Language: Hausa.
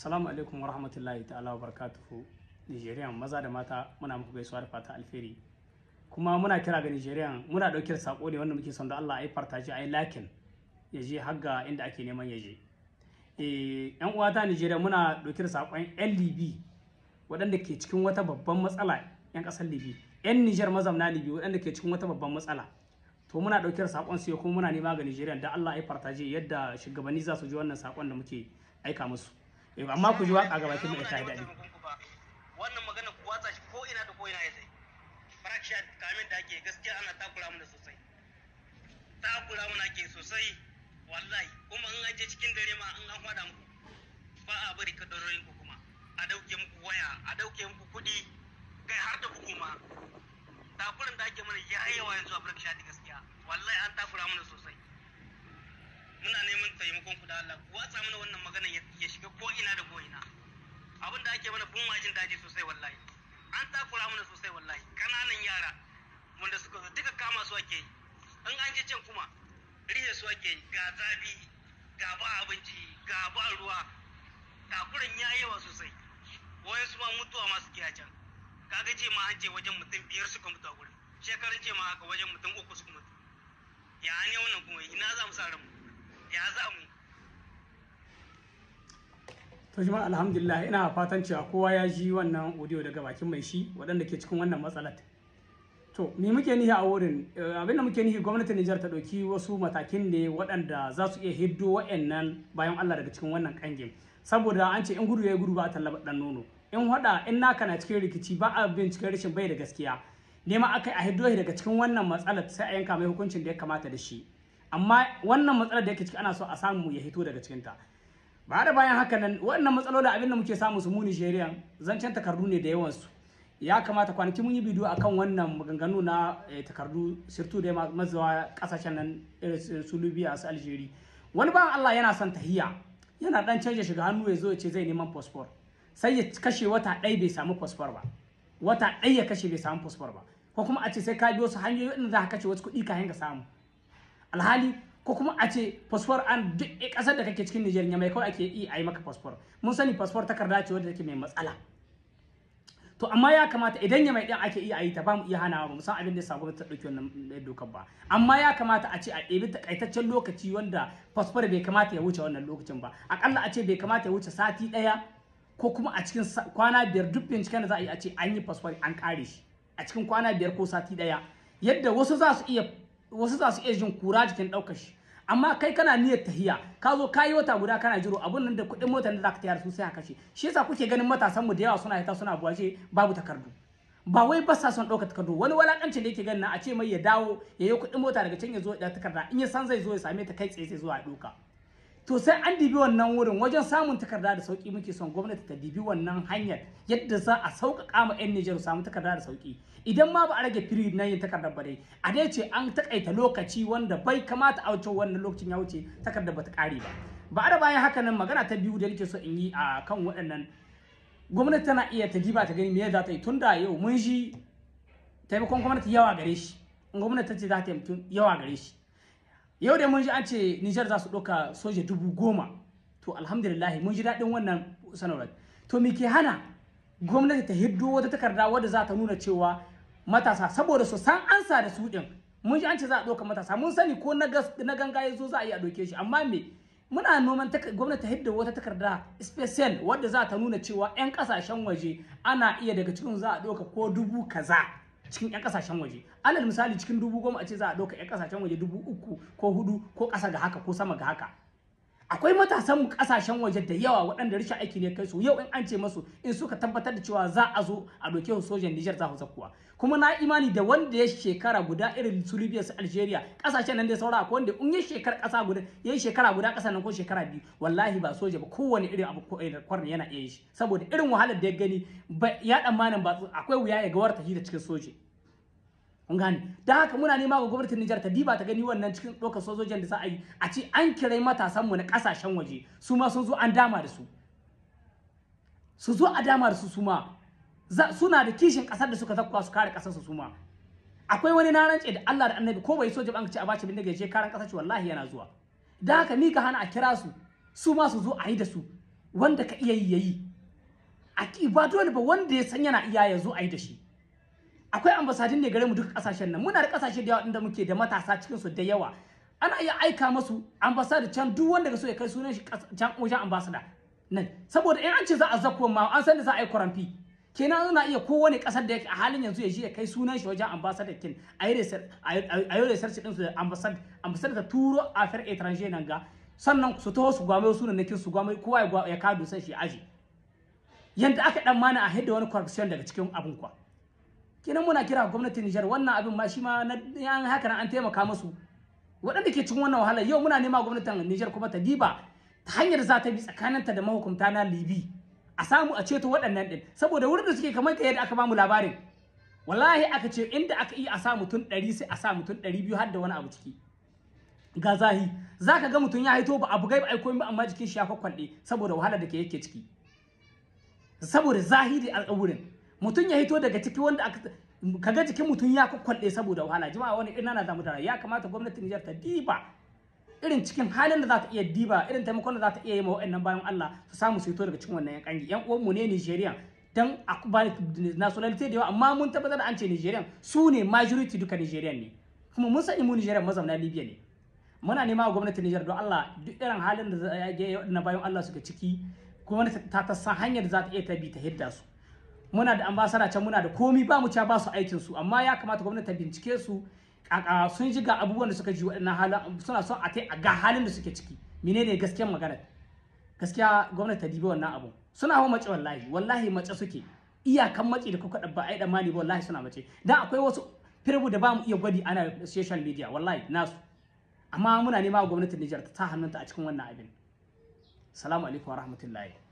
Assalamu alaikum wa rahmatullahi ta'ala wa barakatuhu. Nigerian maza da mata muna muku gaisuwa da fata alheri. Kuma muna kira ga Nigerian muna daukar sako ne wanda muke son da Allah a yi fartaci a lakin ya har ga inda ake neman ya je. ‘Yan eh, uwata Nigeria muna daukar sakon ‘yan Libi waɗanda ke cikin wata babban matsala ‘yan ƙasar Libi. ‘Yan Nijar mazamna Libi waɗanda ke cikin wata babban matsala. to muna daukar sakon su kuma muna nema ga Nigerian da Allah ya fartaje yadda shugabanni za su ji wannan sakon da muke aika musu Eh, amma ku ji waka ga baki mai sai dadi wannan magana ku watsa shi ko ina da ko ina yayi sai farashi kamin da ake gaskiya ana takura mu da sosai takura mu ake sosai wallahi kuma in an je cikin dare ma an an fada muku ba a bari ka kadarorin ku kuma a dauke muku waya a dauke muku kudi kai har da hukuma takurin da ake mana yayi yawa yanzu a farashi gaskiya wallahi an takura mu da sosai muna neman taimakon ku da Allah ku watsa mana wannan magana ya shiga ko ina da ko ina abin da ake mana kun majin daji sosai wallahi an takura mana sosai wallahi kananan yara wanda suka zo duka kama su ake yi in an je can kuma rihe su ake yi ga zabi ga ba abinci ga ba ruwa takuran ya yawa sosai wayan su ma mutuwa ma suke a can kaga ce ma an ce wajen mutum biyar suka mutu a gurin shekarun ce ma haka wajen mutum uku suka mutu ya an yi wannan kuma ina za mu sa ranmu ya za shi alhamdulillah ina fatan cewa kowa ya ji wannan audio daga bakin mai shi waɗanda ke cikin wannan matsalar to me muke nihi a wurin eh, abin da muke nihi gwamnatin Nijar ta ɗauki wasu matakin ne waɗanda za su iya hiddo wa'annan bayan Allah daga cikin wannan kange saboda an ce in gudu ya gudu ba a tallaba ɗan nono in hada in naka na cikin rikici ba a cikin rashin bai da gaskiya nema aka a hiddo daga cikin wannan matsalar sai a yanka mai hukuncin da ya kamata da shi amma wannan matsalar da yake ciki ana so a samu ya hito daga cikinta ba da bayan haka nan wannan matsalolin abin da muke samu su mu Nijeriya zancen takardu ne da yawan su ya kamata kwanaki mun yi bidiyo akan wannan maganganu na eh, takardu sirtu da mazawa kasashen nan su Libya su Algeria wani ba Allah yana son tahiya yana dan canja shiga hannu ya zo ya ce zai neman fosfor sai ya kashe wata ɗaya bai samu fosfor ba wata ɗaya ya kashe bai samu fosfor ba ko kuma a ce sai ka biyo su hanyoyi inda za ka kashe wasu kuɗi kafin ka samu alhali ko kuma a ce fasfor an duk kasar da kake cikin Nijar mai kawai ake yi a yi maka fasfor mun sani fasfor takarda ce wadda take mai matsala to amma ya kamata idan ya mai ɗin ake iya yi ta ba mu iya hanawa ba musan abin da sa gwamnati ta ɗauki wannan eh, dokar ba amma ya kamata a ce a ɗebi takaitaccen lokaci wanda fasfor bai kamata ya wuce wannan lokacin ba akalla a ce bai kamata ya wuce sati ɗaya ko kuma a cikin kwana biyar duk binciken da za a yi a ce an yi fasfor an kare shi a cikin kwana biyar ko sati ɗaya yadda wasu za su iya wasu za su iya jin kura jikin ɗaukar shi amma kai kana niyyar tahiya ka zo ka yi wata guda kana jiro abun nan da kuɗin motar da ka tayar su sai haka shi shi yasa kuke ganin matasan mu da yawa suna hita suna buwaje babu takardu ba wai ba sa son ɗaukar takardu wani walakancin da yake ganin a ce mai ya dawo ya yi kuɗin mota daga can ya zo da takarda in ya san zai zo ya same ta kai tsaye sai zuwa a ɗauka to sai an dibi wannan wurin wajen samun takarda da sauki muke son gwamnati ta dibi wannan hanyar yadda za a sauƙaƙa ma 'yan Nijar samu takarda da sauki idan ma ba a rage firi na yin takardar ba dai a dai ce an takaita lokaci wanda bai kamata a wuce wannan lokacin ya wuce takardar ba ta ƙare ba ba a da bayan haka nan magana ta biyu da nake so in yi a kan waɗannan gwamnati tana iya ta diba ta gani me za ta yi tunda yau mun shi taimakon gwamnati yawa gare shi gwamnati ta ce za ta yi yawa gare shi yau da mun ji an ce Nijar za su ɗauka soja dubu goma to alhamdulillah mun ji daɗin wannan sanarwar to me ke hana gwamnati ta hiddo wata takarda wadda za ta nuna cewa matasa saboda su san ansa da su ɗin mun ji an ce za a ɗauka matasa mun sani ko na ganga yazo za a yi a ɗauke shi amma me muna noman gwamnati ta hidda wata takarda special wadda za ta nuna cewa 'yan kasashen waje ana iya daga cikin za a ɗauka ko dubu kaza cikin 'yan kasashen waje alal misali cikin dubu goma a ce za a ɗauka 'yan kasashen waje dubu uku ko hudu ko ƙasa ga haka ko sama ga haka akwai matasan mu kasashen waje da yawa waɗanda rashin aiki ne kai su yau in an ce masu in suka tabbatar da cewa za a zo a doke su sojan Niger za su zakuwa kuma na imani da wanda ya shekara guda irin su Libya su Algeria kasashen nan da saura akwai wanda in ya shekara kasa guda ya shekara guda kasa nan ko shekara biyu wallahi ba soja ba kowane irin abu ko irin kwarni yana iya shi saboda irin wahalar da ya gani ya dan ba akwai wuya ya ga warta da cikin soja kun gane don haka muna nema ga gwamnatin Nijar ta diba ta gani wannan cikin ɗaukar sojojin da za a yi a ce an kirai matasan mu na kasashen waje su ma sun zo an dama da su su zo a dama da su su ma suna da kishin kasar da suka zakkuwa su kare ƙasar su su ma akwai wani na rance da Allah da Annabi ko bai soja ba an ce a bace bin daga je karan ƙasar wallahi yana zuwa don haka ni ka hana a kira su su ma su zo a yi da su wanda ka iya yi yayi a ki ba dole ba wanda ya san yana iya ya zo a yi da shi akwai ambasadin ne gare mu duk kasashen nan muna da kasashe da yawa inda muke da matasa cikin su da yawa ana iya aika musu ambasada can duk wanda ga so ya kai sunan shi can wajen ambasada nan saboda in an ce za a zakko ma an san da za a yi kwaramfi kenan ana iya kowane kasar da yake a halin yanzu ya je ya kai sunan shi wajen ambasada kin a yi research din su ambasada ambasada ta turo affaires étrangères nan ga sannan su taho su gwamai sunan nakin su gwamai kowa ya kado sai shi aji yanda aka dan mana a hidda wani corruption daga cikin abun kwa kina muna kira gwamnatin Nijar wannan abin ma shi ma an haka an taimaka musu waɗanda ke cikin wannan wahala yau muna nema gwamnatin Nijar kuma ta diba ta hanyar za ta bi tsakaninta da mahukunta na Libi a samu a ceto waɗannan ɗin saboda wurin da suke kamar yadda aka bamu labarin wallahi aka ce inda aka yi a sa mutum ɗari sai a sa mutum ɗari biyu har da wani abu ciki ga zahi za ka ga mutum ya haito ba abu gai ba aiko ba amma jikin shi ya kwakwalde saboda wahala da ke yake ciki saboda zahiri al'awurin mutum ya hito daga ciki wanda aka kaga jikin mutum ya kwakwalɗe saboda wahala jama'a wani irin na zamu ya kamata gwamnatin Nijar ta diba irin cikin halin da za ta iya diba irin taimakon da za ta iya yi ma wa'annan bayan Allah su samu su hito daga cikin wannan kangi yan uwan mu ne Nigeria dan akubani nationality da yawa amma mun tabbatar da an ce Nigeria su ne majority duka Nijeriya ne kuma mun sani mu Nigeria mazauna Libya ne muna nema wa gwamnatin Nijar don Allah duk irin halin da ya wa'annan bayan Allah suka ciki gwamnati ta ta san hanyar da za ta iya ta bi ta hidda su muna da ambasada can muna da komi ba mu ca ba su aikin su amma ya kamata gwamnati ta bincike su sun ji ga abubuwan da suka ji waɗannan halin suna son a kai a ga halin da suke ciki menene gaskiyar magana gaskiya gwamnati ta dibi wannan abu suna hawa mace wallahi wallahi mace suke iyakan matsi da kuka dabba ai dan mani wallahi suna mace dan akwai wasu firbu da ba mu iya gwadi ana social media wallahi nasu amma muna nema gwamnatin Nijar ta hannunta a cikin wannan abin salamu alaikum wa rahmatullahi